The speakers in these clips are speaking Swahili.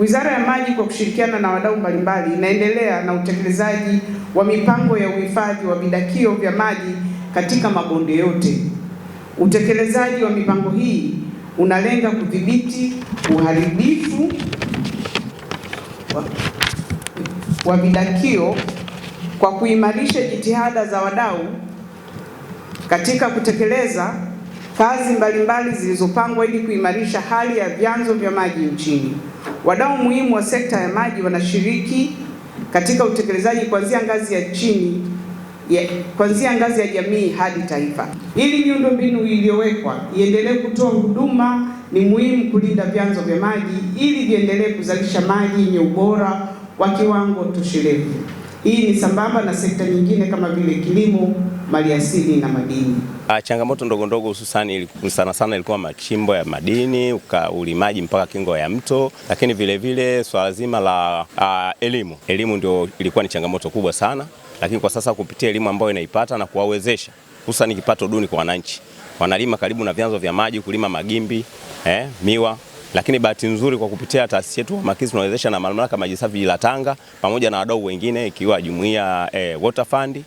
Wizara ya Maji kwa kushirikiana na wadau mbalimbali inaendelea na utekelezaji wa mipango ya uhifadhi wa vidakio vya maji katika mabonde yote. Utekelezaji wa mipango hii unalenga kudhibiti uharibifu wa vidakio kwa kuimarisha jitihada za wadau katika kutekeleza kazi mbalimbali zilizopangwa ili kuimarisha hali ya vyanzo vya maji nchini. Wadau muhimu wa sekta ya maji wanashiriki katika utekelezaji kuanzia ngazi ya chini ya kuanzia ngazi ya jamii hadi taifa. Ili miundombinu iliyowekwa iendelee kutoa huduma, ni muhimu kulinda vyanzo vya maji ili viendelee kuzalisha maji yenye ubora wa kiwango toshelevu. Hii ni sambamba na sekta nyingine kama vile kilimo, maliasili na madini. Ah, changamoto ndogo ndogo hususani sana sana ilikuwa machimbo ya madini uka ulimaji mpaka kingo ya mto, lakini vilevile swala zima la a, ah, elimu. Elimu ndio ilikuwa ni changamoto kubwa sana, lakini kwa sasa kupitia elimu ambayo inaipata na kuwawezesha hususani kipato duni kwa wananchi, wanalima karibu na vyanzo vya maji, kulima magimbi eh, miwa lakini bahati nzuri kwa kupitia taasisi yetu makizi tunawezesha na mamlaka maji safi la Tanga pamoja na wadau wengine ikiwa jumuiya e, Water Fund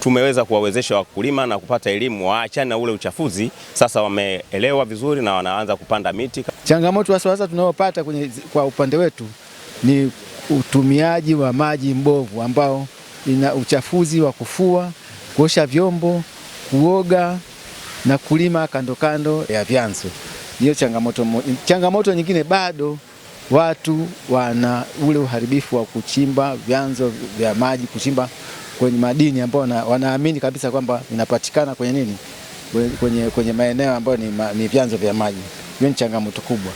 tumeweza kuwawezesha wakulima na kupata elimu waachane na ule uchafuzi. Sasa wameelewa vizuri na wanaanza kupanda miti. Changamoto wasiwasa tunayopata kwenye kwa upande wetu ni utumiaji wa maji mbovu ambao ina uchafuzi wa kufua, kuosha vyombo, kuoga na kulima kando kando ya vyanzo. Hiyo changamoto moja. Changamoto nyingine bado watu wana ule uharibifu wa kuchimba vyanzo vya maji, kuchimba kwenye madini ambao wanaamini kabisa kwamba inapatikana kwenye nini, kwenye, kwenye maeneo ambayo ni, ma, ni vyanzo vya maji. Hiyo ni changamoto kubwa.